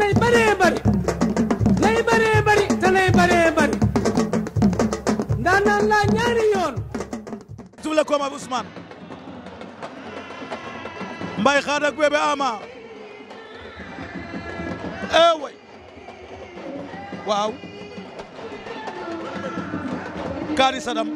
lay bëree bëri lay bëree bëri te ndaa naan laa ñaari yoon tubla kooma bu Ousmane Mbaye Xaad ak Bébé Ama ee eh waaw kaani sadam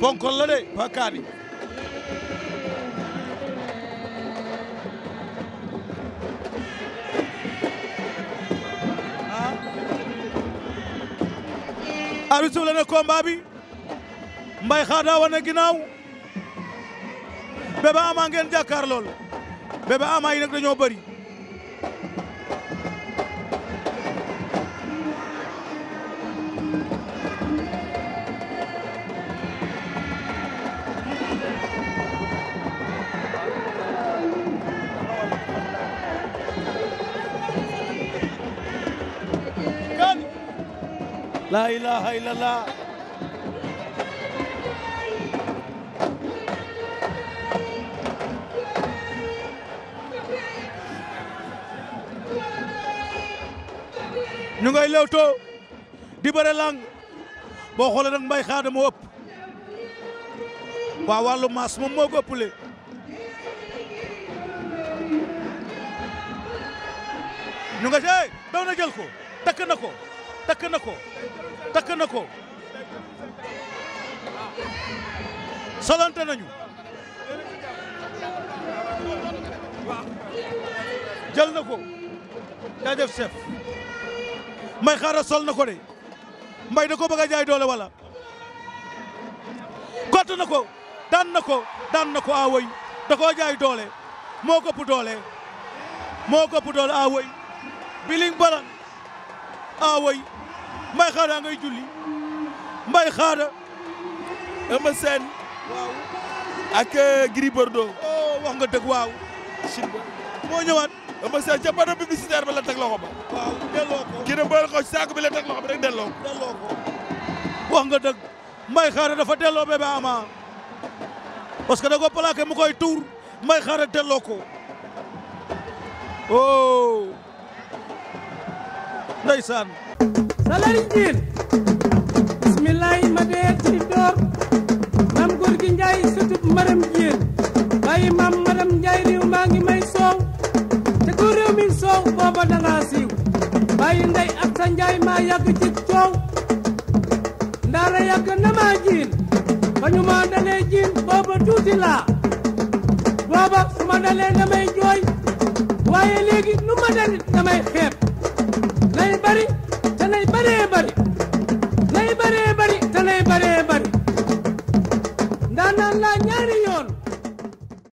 ponkol la de kaani arbitre suuf la ne combat bi Mbaye Xaada wane ginnaaw Bébé Ama ngeen jàkkaar lool Bébé Ama nag dañoo bëri laa ilaaha illallah ñu ngay lewtoo di bëre lang boo xoolee nag mbay xaada moo ëpp waa maas moom moo ko ëppale ñu nga see daw na jël ko takk na ko takk na ko takk na ko solante nañu jël na ko jaajëf chef may xaaral sol na ko de mbay da ko bëgg a jaay doole wala kott na ko daan na ko daan na ko awoy da koo jaay doole moo ko ëpp doole moo ko ëpp doole awoy biling balang awoy mbay xaadaa ngay julli mbay xaada Eumeu Sène waaw ak euh, Gris Bordeaux oh wax nga dëgg waaw sin ba moo ñëwaat Eumeu Sène ca panneau publicitaire ba la teg loxo ba waaw delloo ko kii ne boole bi la teg loxo ba rek delloo ko wax nga dëgg mbay xaada dafa delloo bébé ama parce que da ko plaqué mu koy tuur mbay xaada delloo ko oh ndeysaan salay jiin bismillaay ma dee ci door maam góor njaay sëtub maram jiin bàyyi maam maram njaay réew maa ngi may soow te ku mi soow booba danga siiw bàyyi ndey ak njaay maa yàgg ci coow ndaara yàgg na maa jiin ba ñu jiin booba tuuti booba su ma dalee damay jooy waaye léegi nu ma dalit damay xeeb